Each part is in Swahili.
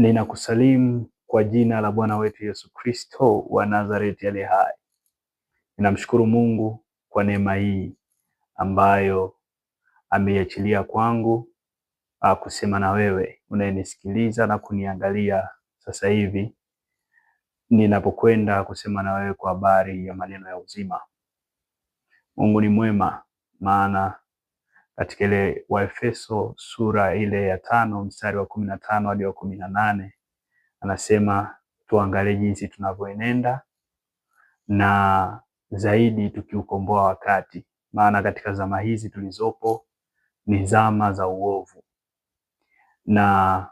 Ninakusalimu kwa jina la Bwana wetu Yesu Kristo wa Nazareti aliye hai. Ninamshukuru Mungu kwa neema hii ambayo ameiachilia kwangu a ah, kusema na wewe unayenisikiliza na kuniangalia sasa hivi ninapokwenda kusema na wewe kwa habari ya maneno ya uzima. Mungu ni mwema, maana katika ile Waefeso sura ile ya tano mstari wa kumi na tano hadi wa kumi na nane anasema tuangalie jinsi tunavyoenenda na zaidi tukiukomboa wakati, maana katika zama hizi tulizopo ni zama za uovu. Na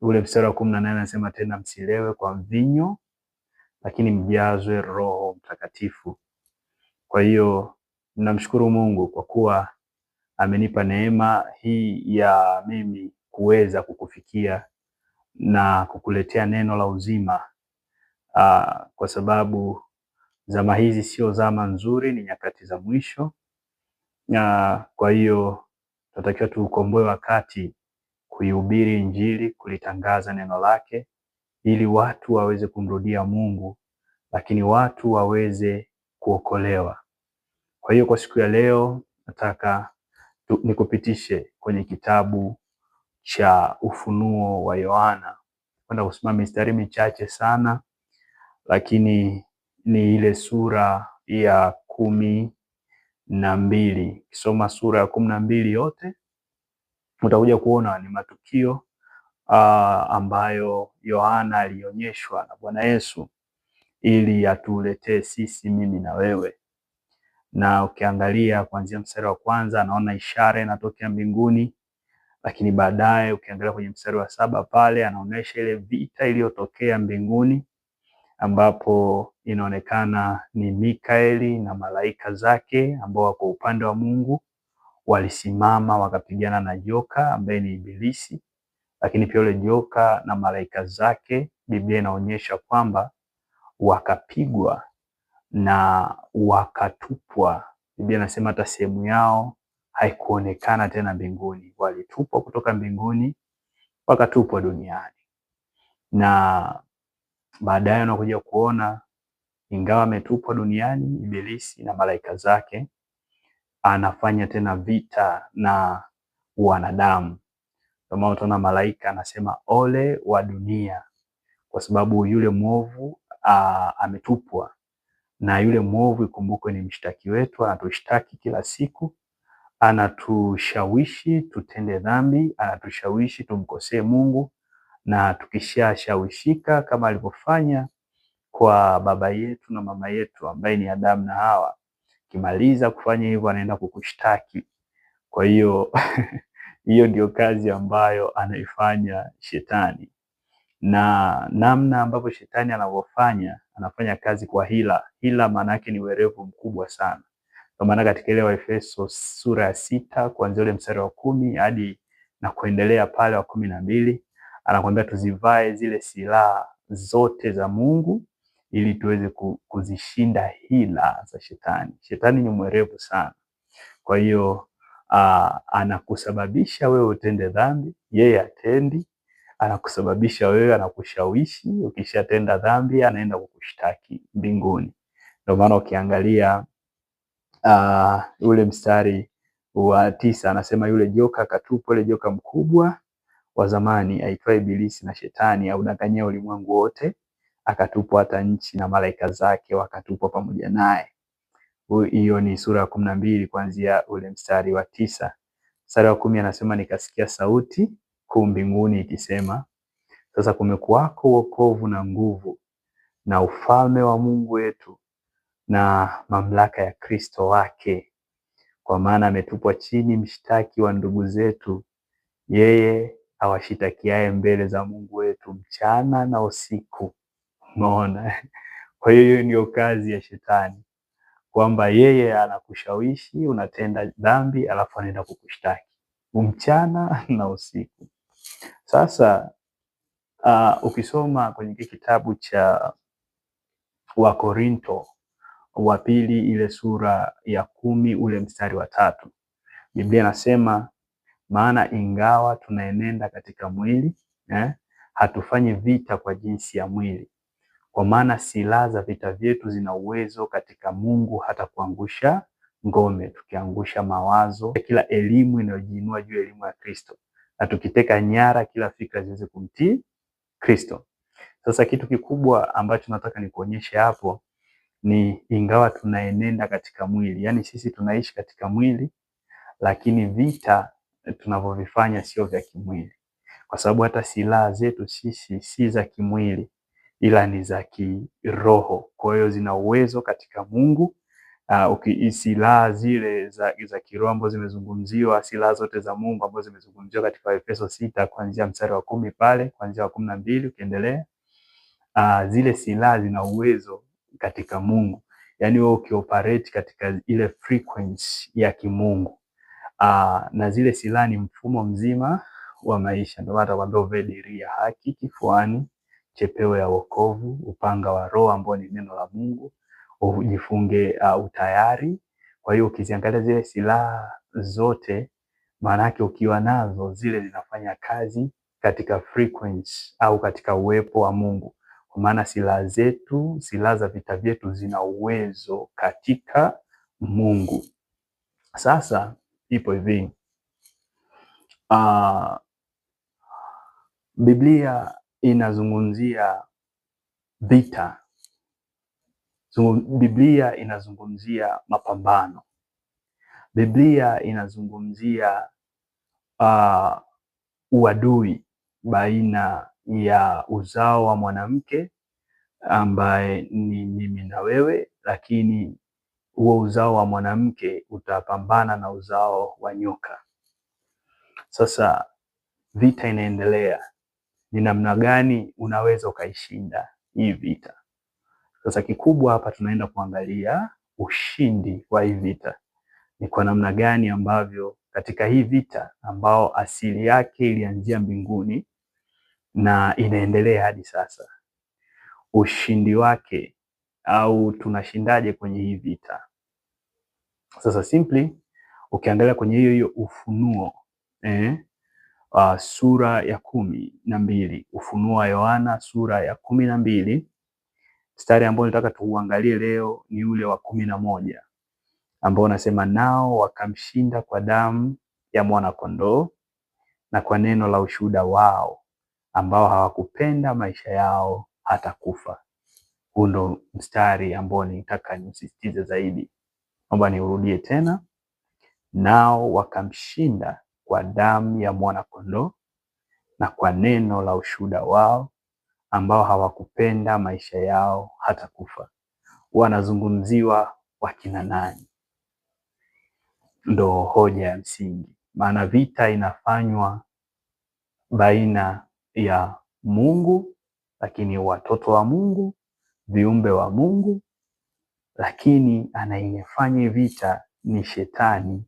ule mstari wa kumi na nane anasema tena, msilewe kwa mvinyo, lakini mjazwe Roho Mtakatifu. Kwa hiyo namshukuru Mungu kwa kuwa amenipa neema hii ya mimi kuweza kukufikia na kukuletea neno la uzima aa, ah, kwa sababu zama hizi sio zama nzuri, ni nyakati za mwisho. Na kwa hiyo tunatakiwa tuukomboe wakati kuihubiri Injili, kulitangaza neno lake, ili watu waweze kumrudia Mungu, lakini watu waweze kuokolewa. Kwa hiyo kwa siku ya leo nataka nikupitishe kwenye kitabu cha Ufunuo wa Yohana. Kwenda kusimama mistari michache sana, lakini ni ile sura ya kumi na mbili. Kisoma sura ya kumi na mbili yote utakuja kuona ni matukio uh, ambayo Yohana alionyeshwa na Bwana Yesu ili atuletee sisi, mimi na wewe na ukiangalia kuanzia mstari wa kwanza anaona ishara inatokea mbinguni, lakini baadaye ukiangalia kwenye mstari wa saba pale anaonesha ile vita iliyotokea mbinguni ambapo inaonekana ni Mikaeli na malaika zake ambao wako upande wa Mungu walisimama wakapigana na joka ambaye ni Ibilisi, lakini pia yule joka na malaika zake, Biblia inaonyesha kwamba wakapigwa na wakatupwa. Biblia inasema hata sehemu yao haikuonekana tena mbinguni, walitupwa kutoka mbinguni wakatupwa duniani, na baadaye unakuja kuona ingawa ametupwa duniani, Ibilisi na malaika zake anafanya tena vita na wanadamu. Ndio maana utaona malaika anasema ole wa dunia, kwa sababu yule mwovu ametupwa na yule mwovu ikumbukwe ni mshtaki wetu, anatushtaki kila siku, anatushawishi tutende dhambi, anatushawishi tumkosee Mungu, na tukishashawishika kama alivyofanya kwa baba yetu na mama yetu ambaye ni Adamu na Hawa, kimaliza kufanya hivyo anaenda kukushtaki. Kwa hiyo hiyo ndio kazi ambayo anaifanya shetani na namna ambavyo shetani anavyofanya anafanya kazi kwa hila. Hila maana yake ni werevu mkubwa sana. Kwa maana katika ile Waefeso sura ya sita kuanzia ule mstari wa kumi hadi na kuendelea pale wa kumi na mbili anakuambia tuzivae zile silaha zote za Mungu ili tuweze kuzishinda hila za shetani. Shetani ni mwerevu sana, kwa hiyo ah, anakusababisha wewe utende dhambi, yeye atendi anakusababisha wewe, anakushawishi. Ukishatenda dhambi, anaenda kukushtaki mbinguni. Ndio maana ukiangalia uh, ah, ule mstari wa tisa anasema yule joka akatupwa, yule joka mkubwa wa zamani aitwaye Ibilisi na Shetani audanganyia ulimwengu wote, akatupwa, hata nchi na malaika zake wakatupwa pamoja naye. Hiyo ni sura ya kumi na mbili kuanzia ule mstari wa tisa. Mstari wa kumi anasema nikasikia sauti kuu mbinguni ikisema, sasa kumekuwako wokovu na nguvu na ufalme wa Mungu wetu na mamlaka ya Kristo wake, kwa maana ametupwa chini mshtaki wa ndugu zetu, yeye awashitakiaye mbele za Mungu wetu mchana na usiku. Umeona? Kwa hiyo hiyo ndio kazi ya shetani, kwamba yeye anakushawishi unatenda dhambi, alafu anaenda kukushtaki mchana na usiku. Sasa uh, ukisoma kwenye kitabu cha Wakorinto wa pili ile sura ya kumi ule mstari wa tatu Biblia inasema maana ingawa tunaenenda katika mwili eh, hatufanyi vita kwa jinsi ya mwili, kwa maana silaha za vita vyetu zina uwezo katika Mungu hata kuangusha ngome, tukiangusha mawazo, kila elimu inayojiinua juu ya elimu ya Kristo, na tukiteka nyara kila fikra ziweze kumtii Kristo. Sasa kitu kikubwa ambacho nataka nikuonyeshe hapo ni ingawa tunaenenda katika mwili, yaani sisi tunaishi katika mwili, lakini vita tunavyovifanya sio vya kimwili, kwa sababu hata silaha zetu sisi si za kimwili, ila ni za kiroho. Kwa hiyo zina uwezo katika Mungu uh, silaha zile za, za kiroho ambazo zimezungumziwa, silaha zote za Mungu ambazo zimezungumziwa katika Efeso sita kuanzia mstari wa kumi pale kuanzia wa kumi na mbili ukiendelea, uh, zile silaha zina uwezo katika Mungu, yaani wewe ukioperate katika ile frequency ya kimungu uh, na zile silaha ni mfumo mzima wa maisha. Ndio maana atakwambia uvae dirii ya haki kifuani, chepeo ya wokovu, upanga wa Roho ambao ni neno la Mungu ujifunge uh, utayari. Kwa hiyo ukiziangalia zile silaha zote, maana yake ukiwa nazo zile zinafanya kazi katika frequency au katika uwepo wa Mungu, kwa maana silaha zetu, silaha za vita vyetu zina uwezo katika Mungu. Sasa ipo hivi uh, Biblia inazungumzia vita Biblia inazungumzia mapambano. Biblia inazungumzia uh, uadui baina ya uzao wa mwanamke ambaye ni mimi na wewe, lakini huo uzao wa mwanamke utapambana na uzao wa nyoka. Sasa vita inaendelea, ni namna gani unaweza ukaishinda hii vita? Sasa kikubwa hapa tunaenda kuangalia ushindi wa hii vita ni kwa namna gani ambavyo katika hii vita ambao asili yake ilianzia mbinguni na inaendelea hadi sasa, ushindi wake au tunashindaje kwenye hii vita. Sasa simply ukiangalia kwenye hiyo hiyo Ufunuo eh, uh, sura ya kumi na mbili Ufunuo wa Yohana sura ya kumi na mbili Mstari ambao nataka tuuangalie leo ni ule wa kumi na moja ambao unasema, nao wakamshinda kwa damu ya mwana kondoo na kwa neno la ushuhuda wao, ambao hawakupenda maisha yao hata kufa. Huu ndo mstari ambao nitaka nisisitize zaidi. Naomba niurudie tena, nao wakamshinda kwa damu ya mwana kondoo na kwa neno la ushuhuda wao ambao hawakupenda maisha yao hata kufa. Wanazungumziwa wakina nani? Ndo hoja ya msingi, maana vita inafanywa baina ya Mungu, lakini watoto wa Mungu, viumbe wa Mungu, lakini anayefanya vita ni shetani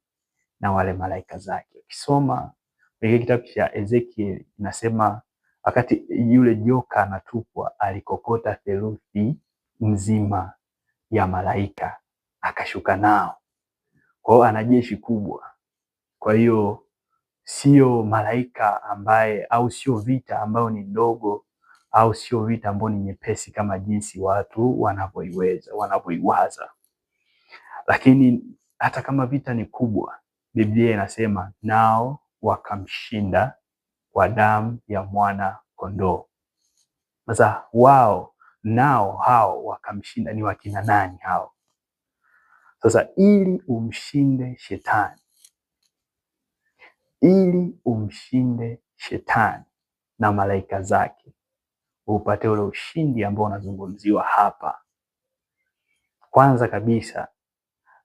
na wale malaika zake. Ukisoma kile kitabu cha Ezekiel inasema Wakati yule joka anatupwa, alikokota theluthi nzima ya malaika akashuka nao. Kwa hiyo ana jeshi kubwa. Kwa hiyo sio malaika ambaye au sio vita ambayo ni ndogo au sio vita ambayo ni nyepesi kama jinsi watu wanavyoiweza wanavyoiwaza. Lakini hata kama vita ni kubwa, Biblia inasema nao wakamshinda kwa damu ya mwana kondoo. Sasa wao nao hao wakamshinda ni wakina nani hao? Sasa ili umshinde shetani, ili umshinde shetani na malaika zake upate ule ushindi ambao unazungumziwa hapa, kwanza kabisa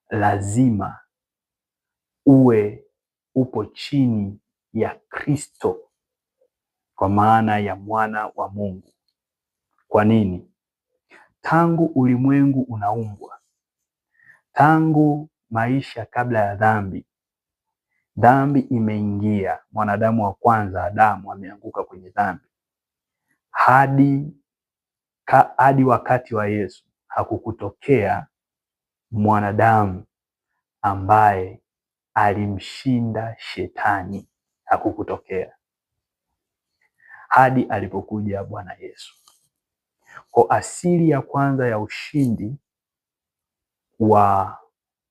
lazima uwe upo chini ya Kristo kwa maana ya mwana wa Mungu. Kwa nini? Tangu ulimwengu unaumbwa, tangu maisha kabla ya dhambi, dhambi imeingia. Mwanadamu wa kwanza Adamu ameanguka kwenye dhambi, hadi ka, hadi wakati wa Yesu hakukutokea mwanadamu ambaye alimshinda shetani, hakukutokea hadi alipokuja Bwana Yesu. Kwa asili ya kwanza ya ushindi wa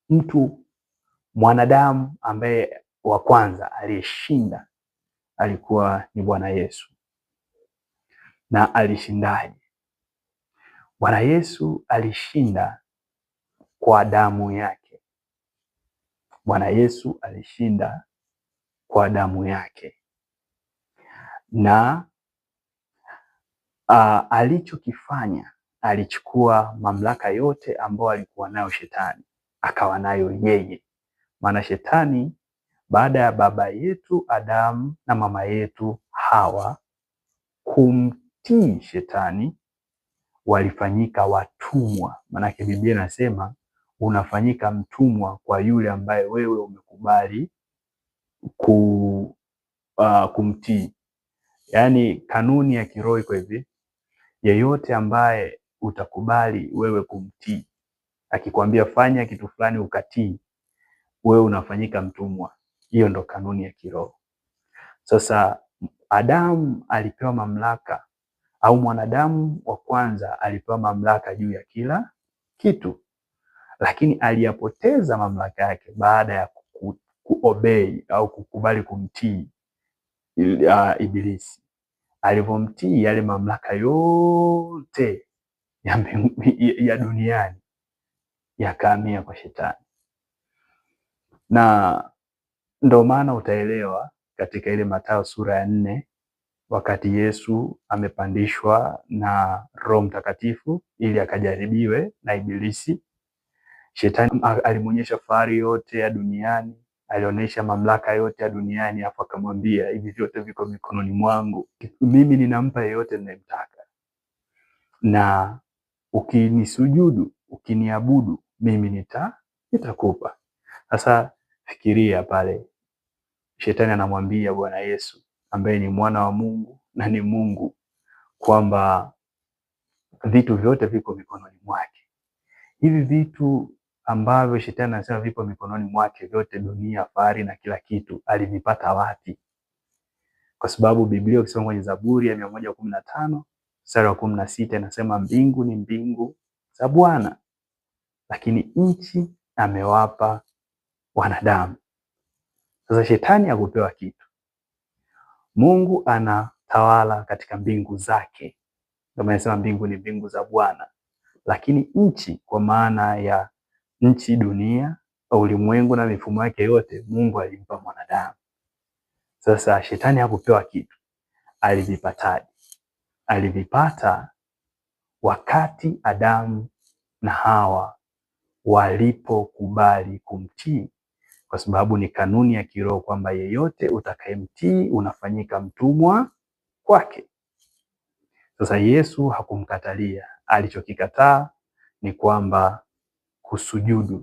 mtu mwanadamu ambaye wa kwanza aliyeshinda alikuwa ni Bwana Yesu. Na alishindaje? Bwana Yesu alishinda kwa damu yake. Bwana Yesu alishinda kwa damu yake na uh, alichokifanya alichukua mamlaka yote ambayo alikuwa nayo shetani akawa nayo yeye. Maana shetani baada ya baba yetu Adamu na mama yetu Hawa kumtii shetani walifanyika watumwa. Maanake Biblia inasema unafanyika mtumwa kwa yule ambaye wewe umekubali ku, uh, kumtii. Yaani kanuni ya kiroho iko hivi, yeyote ambaye utakubali wewe kumtii, akikwambia fanya kitu fulani ukatii, wewe unafanyika mtumwa. Hiyo ndo kanuni ya kiroho. Sasa Adamu alipewa mamlaka au mwanadamu wa kwanza alipewa mamlaka juu ya kila kitu, lakini aliyapoteza mamlaka yake baada ya kuobei au kukubali kumtii uh, Ibilisi alivyomtii yale mamlaka yote ya, ya duniani yakaamia kwa shetani, na ndo maana utaelewa katika ile Mathayo sura ya nne wakati Yesu amepandishwa na Roho Mtakatifu ili akajaribiwe na Ibilisi, shetani alimwonyesha fahari yote ya duniani alionyesha mamlaka yote ya duniani, hapo akamwambia hivi vyote viko mikononi mwangu, mimi ninampa yeyote ninayemtaka, na ukinisujudu, ukiniabudu mimi nita nitakupa. Sasa fikiria pale, shetani anamwambia Bwana Yesu ambaye ni mwana wa Mungu na ni Mungu kwamba vitu vyote viko mikononi mwake. Hivi vitu ambavyo shetani anasema vipo mikononi mwake, vyote, dunia, fahari na kila kitu, alivipata wapi? Kwa sababu Biblia ukisoma kwenye Zaburi ya mia kumi na tano mstari wa kumi na sita inasema mbingu ni mbingu za Bwana, lakini nchi amewapa wanadamu. Sasa shetani hakupewa kitu, Mungu anatawala katika mbingu zake. Ndio maana anasema mbingu ni mbingu za Bwana, lakini nchi kwa maana ya nchi, dunia, ulimwengu na mifumo yake yote, Mungu alimpa mwanadamu. Sasa shetani hakupewa kitu, alivipataje? Alivipata wakati Adamu na Hawa walipokubali kumtii, kwa sababu ni kanuni ya kiroho kwamba yeyote utakayemtii unafanyika mtumwa kwake. Sasa Yesu hakumkatalia, alichokikataa ni kwamba kusujudu,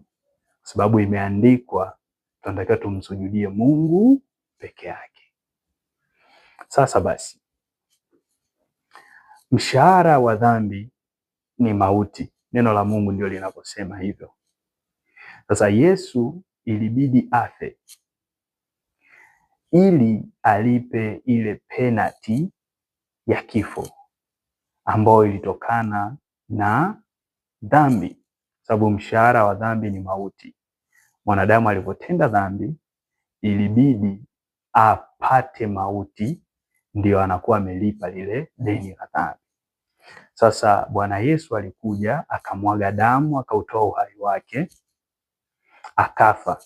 kwa sababu imeandikwa tunatakiwa tumsujudie Mungu peke yake. Sasa basi, mshahara wa dhambi ni mauti, neno la Mungu ndio linaposema hivyo. Sasa Yesu ilibidi afe ili alipe ile penati ya kifo ambayo ilitokana na dhambi sababu mshahara wa dhambi ni mauti. Mwanadamu alipotenda dhambi ilibidi apate mauti, ndio anakuwa amelipa lile deni la dhambi. Sasa Bwana Yesu alikuja akamwaga damu, akautoa uhai wake, akafa.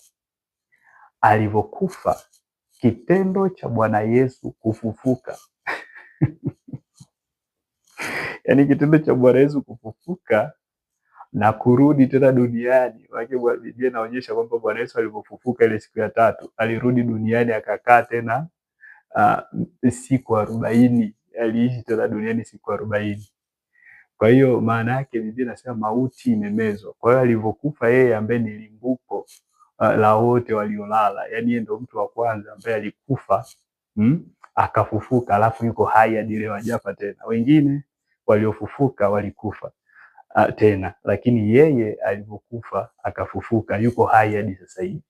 Alivyokufa, kitendo cha Bwana Yesu kufufuka yaani kitendo cha Bwana Yesu kufufuka na kurudi tena duniani. Maana Biblia inaonyesha kwamba Bwana Yesu alipofufuka ile siku ya tatu alirudi duniani akakaa tena uh, siku arobaini. Aliishi tena duniani siku arobaini. Kwa hiyo maana yake Biblia inasema mauti imemezwa. Kwa hiyo alivyokufa yeye ambaye ni limbuko uh, la wote waliolala, yani yeye ndio mtu wa kwanza ambaye alikufa hmm? akafufuka, alafu yuko hai hadi leo, hajafa tena. Wengine waliofufuka walikufa uh, tena, lakini yeye alivyokufa akafufuka yuko hai hadi sasa hivi.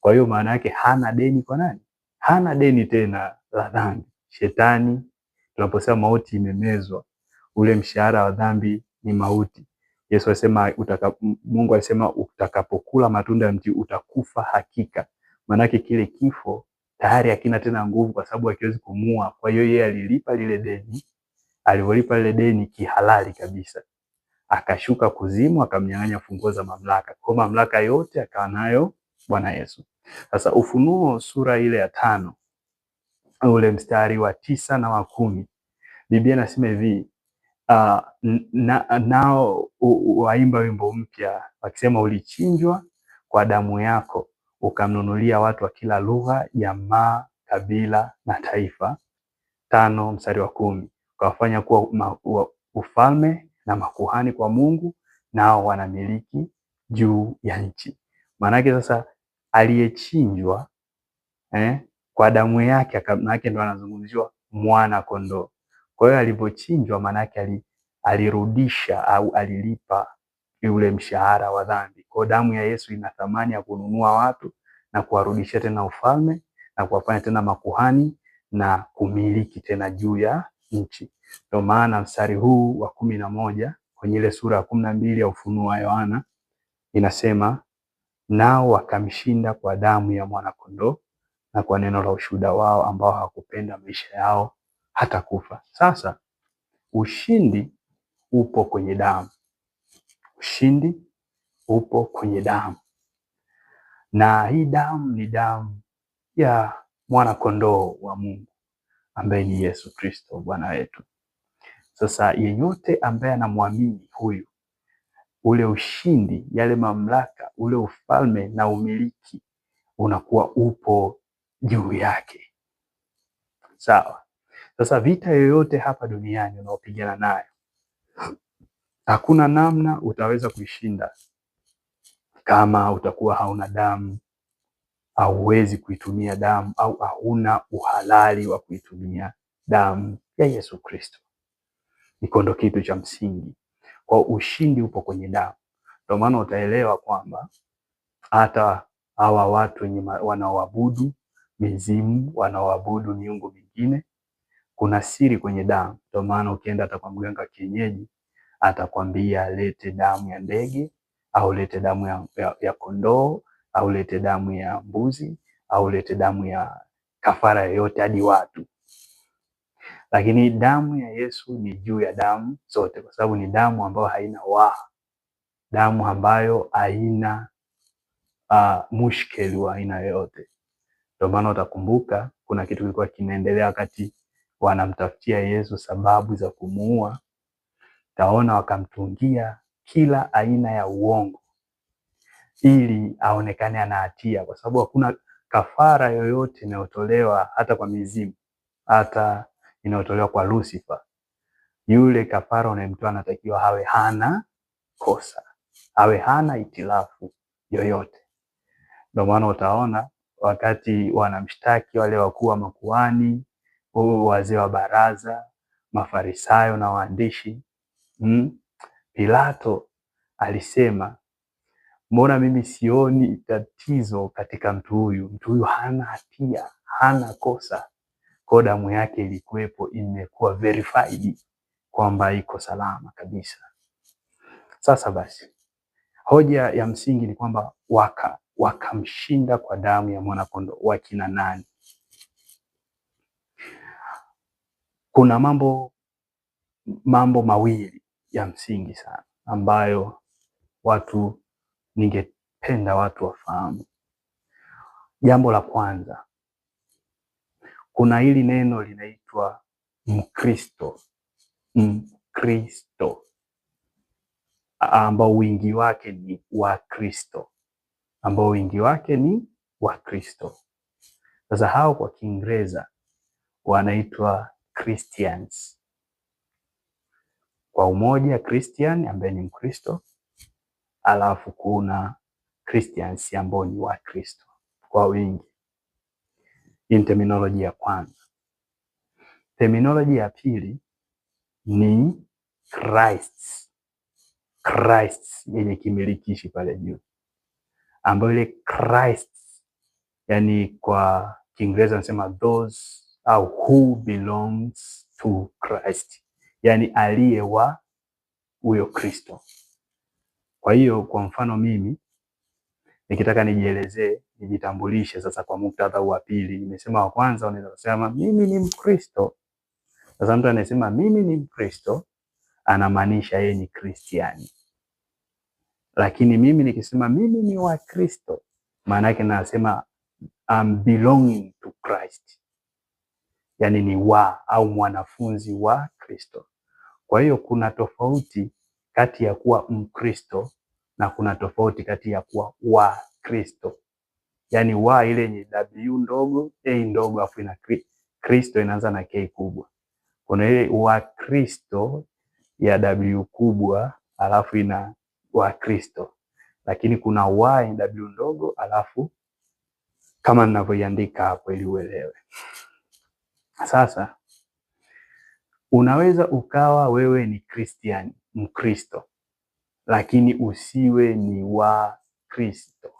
Kwa hiyo maana yake hana deni kwa nani? Hana deni tena la dhambi. Shetani, tunaposema mauti imemezwa, ule mshahara wa dhambi ni mauti. Yesu alisema utaka, Mungu alisema utakapokula matunda ya mti utakufa hakika. Maanake kile kifo tayari hakina tena nguvu, kwa sababu hakiwezi kumua. Kwa hiyo yeye alilipa lile deni, alivyolipa lile deni kihalali kabisa akashuka kuzimu akamnyang'anya funguo za mamlaka. Kwa mamlaka yote akawa nayo Bwana Yesu. Sasa Ufunuo sura ile ya tano ule mstari wa tisa na wa kumi Biblia inasema hivi uh, na, nao waimba wimbo mpya wakisema, ulichinjwa kwa damu yako ukamnunulia watu wa kila lugha, jamaa, kabila na taifa. Tano mstari wa kumi ukawafanya kuwa ufalme na makuhani kwa Mungu, nao wanamiliki juu ya nchi. Maanake sasa aliyechinjwa eh, kwa damu yake, maanake ndo anazungumziwa mwana kondoo. Kwa hiyo alipochinjwa, maanake alirudisha au alilipa yule mshahara wa dhambi. Kwa damu ya Yesu ina thamani ya kununua watu na kuwarudisha tena ufalme na kuwafanya tena makuhani na kumiliki tena juu ya nchi. Ndio maana mstari huu wa kumi na moja kwenye ile sura ya kumi na mbili ya Ufunuo wa Yohana inasema, nao wakamshinda kwa damu ya mwanakondoo na kwa neno la ushuhuda wao, ambao hawakupenda maisha yao hata kufa. Sasa ushindi upo kwenye damu, ushindi upo kwenye damu, na hii damu ni damu ya mwanakondoo wa Mungu ambaye ni Yesu Kristo Bwana wetu. Sasa yeyote ambaye anamwamini huyu, ule ushindi, yale mamlaka, ule ufalme na umiliki unakuwa upo juu yake, sawa. Sasa vita yoyote hapa duniani unaopigana nayo, hakuna namna utaweza kuishinda kama utakuwa hauna damu hauwezi kuitumia damu au hauna uhalali wa kuitumia damu ya Yesu Kristo. Iko kitu cha msingi, kwa ushindi upo kwenye damu. Ndio maana utaelewa kwamba hata hawa watu wenye wanaoabudu mizimu, wanaoabudu miungu mingine, kuna siri kwenye damu. Ndio maana ukienda hata kwa mganga kienyeji atakwambia alete damu ya ndege au lete damu ya, ya, ya kondoo au lete damu ya mbuzi au lete damu ya kafara yoyote hadi watu. Lakini damu ya Yesu ni juu ya damu zote, kwa sababu ni damu ambayo haina wa, damu ambayo haina uh, mushkeli wa aina yoyote. Ndio maana utakumbuka kuna kitu kilikuwa kinaendelea wakati wanamtafutia Yesu sababu za kumuua. Taona wakamtungia kila aina ya uongo ili aonekane ana hatia, kwa sababu hakuna kafara yoyote inayotolewa hata kwa mizimu, hata inayotolewa kwa Lucifer. Yule kafara unayemtoa anatakiwa hawe hana kosa, awe hana itilafu yoyote. Ndio maana utaona wakati wanamshtaki wale wakuu wa makuani, wazee wa baraza, mafarisayo na waandishi hmm? Pilato alisema Mbona mimi sioni tatizo katika mtu huyu? Mtu huyu hana hatia, hana kosa, kwa damu yake ilikuwepo, imekuwa verified kwamba iko salama kabisa. Sasa basi, hoja ya msingi ni kwamba waka wakamshinda kwa damu ya mwanakondoo. Wakina nani? Kuna mambo mambo mawili ya msingi sana ambayo watu ningependa watu wafahamu. Jambo la kwanza, kuna hili neno linaitwa Mkristo, Mkristo ambao wingi wake ni Wakristo, ambao wingi wake ni Wakristo. Sasa hao kwa Kiingereza wanaitwa Christians, kwa umoja Christian ambaye ni Mkristo alafu kuna Christians ambao ni wa kristo kwa wingi. Hii ni terminology ya kwanza. Terminology ya pili ni Christ, Christ yenye kimilikishi pale juu, ambayo ile Christ, yani kwa Kiingereza nasema those au who belongs to Christ, yani aliye wa huyo Kristo. Kwa hiyo kwa mfano mimi nikitaka nijielezee, nijitambulishe sasa kwa muktadha wa pili. Nimesema wa kwanza unaweza kusema mimi ni Mkristo. Sasa mtu anayesema mimi ni Mkristo anamaanisha yeye ni Kristiani. Lakini mimi nikisema mimi ni wa Kristo, maana yake nasema I'm belonging to Christ. Yaani ni wa au mwanafunzi wa Kristo. Kwa hiyo kuna tofauti kati ya kuwa Mkristo na kuna tofauti kati ya kuwa wa Kristo. Yaani wa ile yenye w ndogo a ndogo afu ina Kristo inaanza na k kubwa. Kuna ile wa Kristo ya w kubwa alafu ina wa Kristo, lakini kuna wa yenye w ndogo alafu kama ninavyoiandika hapo ili uelewe. Sasa unaweza ukawa wewe ni Kristiani Mkristo, lakini usiwe ni wa Kristo.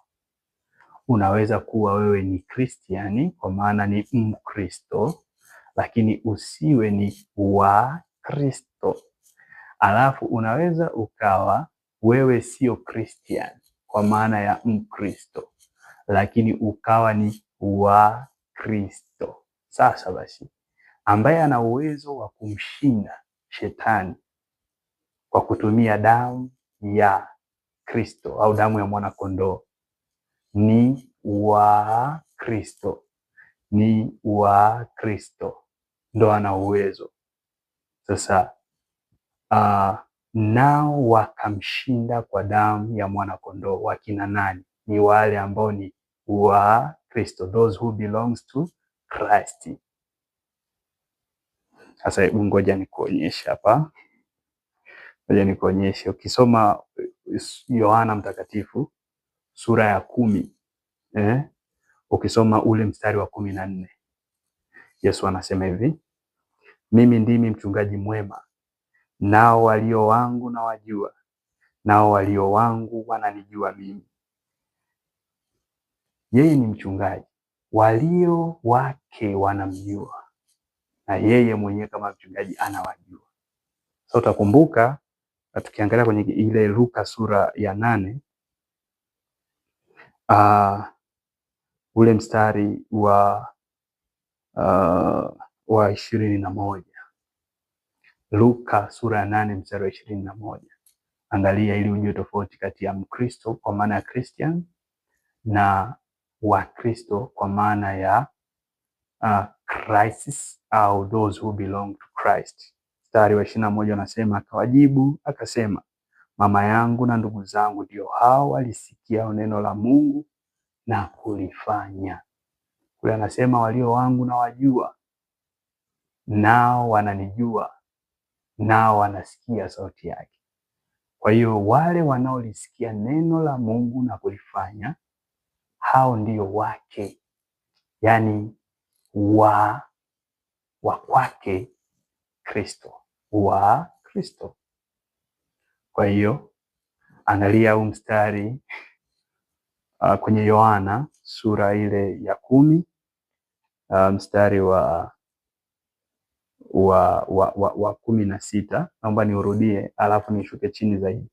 Unaweza kuwa wewe ni Kristiani kwa maana ni Mkristo, lakini usiwe ni wa Kristo. Alafu unaweza ukawa wewe sio Kristiani kwa maana ya Mkristo, lakini ukawa ni wa Kristo. Sasa basi, ambaye ana uwezo wa kumshinda shetani kwa kutumia damu ya Kristo au damu ya mwanakondoo. Ni wa Kristo, ni wa Kristo, ndo ana uwezo sasa. Uh, nao wakamshinda kwa damu ya mwanakondoo. Wakina nani? Ni wale ambao ni wa Kristo, those who belongs to Christ. Sasa ngoja nikuonyeshe hapa. Ngoja nikuonyeshe. Ukisoma eh, Yohana Mtakatifu sura ya kumi eh? ukisoma ule mstari wa kumi na nne Yesu anasema hivi, mimi ndimi mchungaji mwema, nao walio wangu na wajua, nao walio wangu wananijua mimi. Yeye ni mchungaji, walio wake wanamjua na yeye mwenyewe kama mchungaji anawajua. Sasa utakumbuka na ah, tukiangalia kwenye ile Luka sura ya nane uh, ule mstari wa uh, wa ishirini na moja Luka sura ya nane mstari wa ishirini na moja Angalia ili ujue tofauti kati ya Mkristo kwa maana ya Christian na Wakristo kwa maana ya uh, crisis au those who belong to Christ. Mstari wa ishirini na moja unasema akawajibu akasema, mama yangu na ndugu zangu ndio hao walisikiao neno la Mungu na kulifanya. Kule anasema walio wangu na wajua, nao wananijua, nao wanasikia sauti yake. Kwa hiyo wale wanaolisikia neno la Mungu na kulifanya, hao ndio wake, yaani wa wa kwake Kristo wa Kristo. Kwa hiyo angalia huu mstari uh, kwenye Yohana sura ile ya kumi uh, mstari wa wa, wa, wa, wa kumi na sita. Naomba niurudie alafu nishuke chini zaidi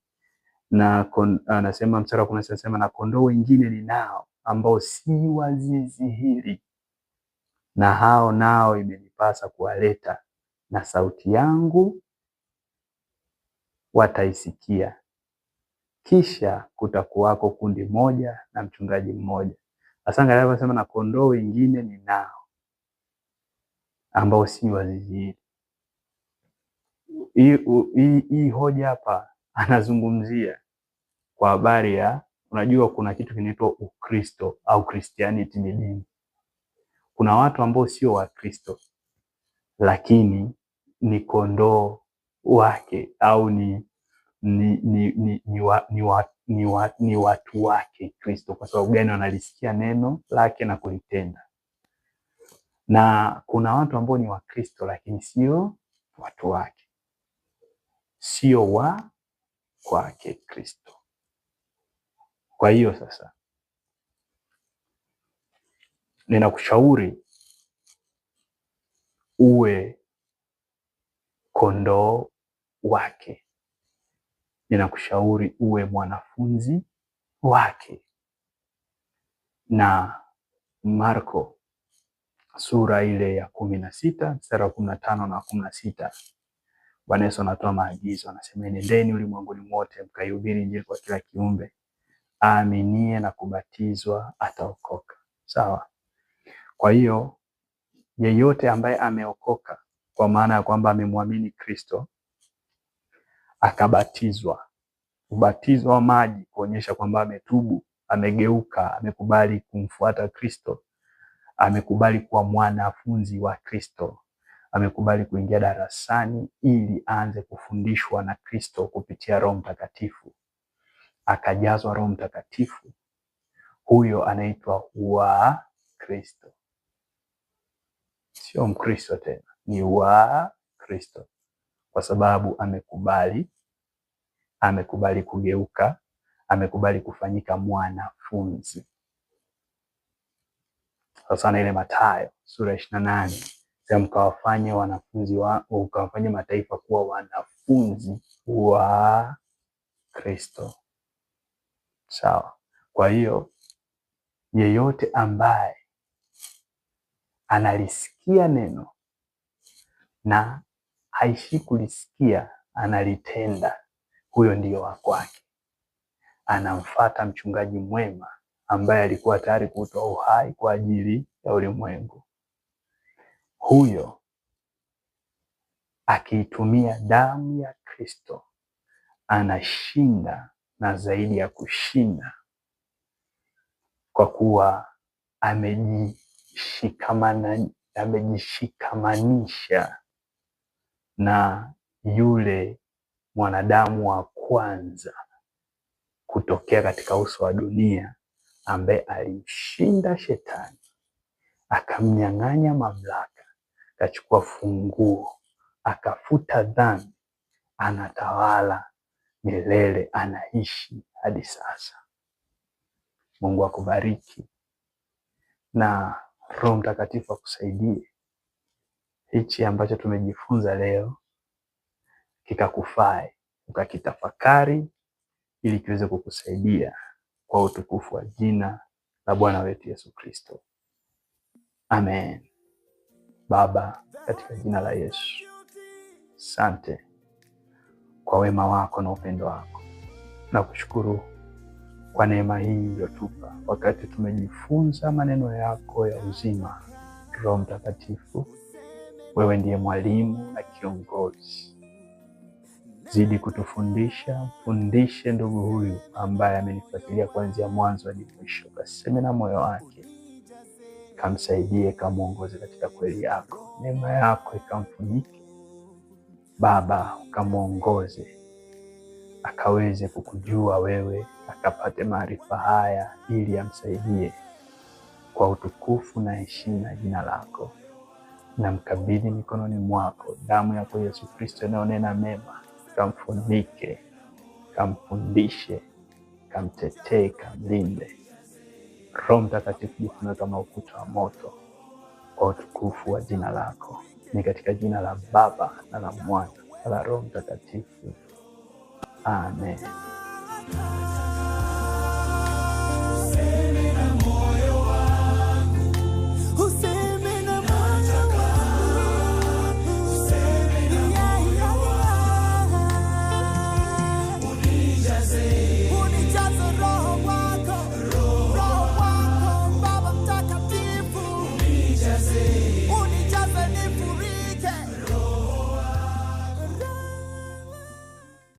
na kon, anasema mstari wa kumi na sita anasema, na kondoo wengine ninao ambao si wa zizi hili, na hao nao imenipasa kuwaleta na sauti yangu wataisikia. Kisha kutakuwako kundi moja na mchungaji mmoja. Hasa angalia na kondoo wengine ninao ambao si wazizi hili. Hii hoja hapa anazungumzia kwa habari ya, unajua kuna kitu kinaitwa Ukristo au Christianity ni dini. Kuna watu ambao sio Wakristo lakini ni kondoo wake au ni ni ni ni, ni, wa, ni, wa, ni, wa, ni watu wake Kristo. Kwa sababu gani? Wanalisikia neno lake na kulitenda. Na kuna watu ambao ni Wakristo lakini sio watu wake, sio wa kwake Kristo. Kwa hiyo sasa, ninakushauri uwe kondoo wake. Ninakushauri uwe mwanafunzi wake. Na Marko sura ile ya kumi na sita mstari wa kumi na tano na kumi na sita Bwana Yesu anatoa maagizo, anasema nendeni ulimwenguni mwote mkaihubiri Injili kwa kila kiumbe, aaminie na kubatizwa ataokoka. Sawa. Kwa hiyo yeyote ambaye ameokoka kwa maana ya kwamba amemwamini Kristo akabatizwa. Ubatizo wa maji kuonyesha kwamba ametubu, amegeuka, amekubali kumfuata Kristo, amekubali kuwa mwanafunzi wa Kristo, amekubali kuingia darasani ili aanze kufundishwa na Kristo kupitia Roho Mtakatifu, akajazwa Roho Mtakatifu. Huyo anaitwa wa Kristo, sio Mkristo tena ni wa Kristo, kwa sababu amekubali, amekubali kugeuka, amekubali kufanyika mwanafunzi. Sasa na ile Mathayo sura ya ishirini na nane mkawafanye wanafunzi wa ukawafanye mataifa kuwa wanafunzi wa Kristo, sawa. Kwa hiyo yeyote ambaye analisikia neno na haishi kulisikia, analitenda. Huyo ndiyo wa kwake, anamfata mchungaji mwema ambaye alikuwa tayari kutoa uhai kwa ajili ya ulimwengu. Huyo akiitumia damu ya Kristo anashinda na zaidi ya kushinda, kwa kuwa amejishikamana amejishikamanisha na yule mwanadamu wa kwanza kutokea katika uso wa dunia ambaye alimshinda shetani akamnyang'anya mamlaka, akachukua funguo, akafuta dhambi, anatawala milele, anaishi hadi sasa. Mungu akubariki na Roho Mtakatifu akusaidie hichi ambacho tumejifunza leo kikakufai, ukakitafakari ili kiweze kukusaidia kwa utukufu wa jina la Bwana wetu Yesu Kristo. Amen. Baba, katika jina la Yesu, sante kwa wema wako na upendo wako, na kushukuru kwa neema hii iliyotupa wakati tumejifunza maneno yako ya uzima. Roho Mtakatifu wewe ndiye mwalimu na kiongozi, zidi kutufundisha. Fundishe ndugu huyu ambaye amenifuatilia kuanzia mwanzo hadi mwisho, kaseme na moyo wake, kamsaidie, kamwongoze katika kweli yako. Neema yako ikamfunike Baba, ukamwongoze akaweze kukujua wewe, akapate maarifa haya ili amsaidie kwa utukufu na heshima jina lako namkabidhi mikononi mwako, damu yako Yesu Kristo inayonena mema, kamfunike, kamfundishe, kamtetee, kamlinde. Roho Mtakatifu, jifunue kama ukuta wa moto kwa utukufu wa jina lako. Ni katika jina la Baba na la Mwana na la Roho Mtakatifu, amen.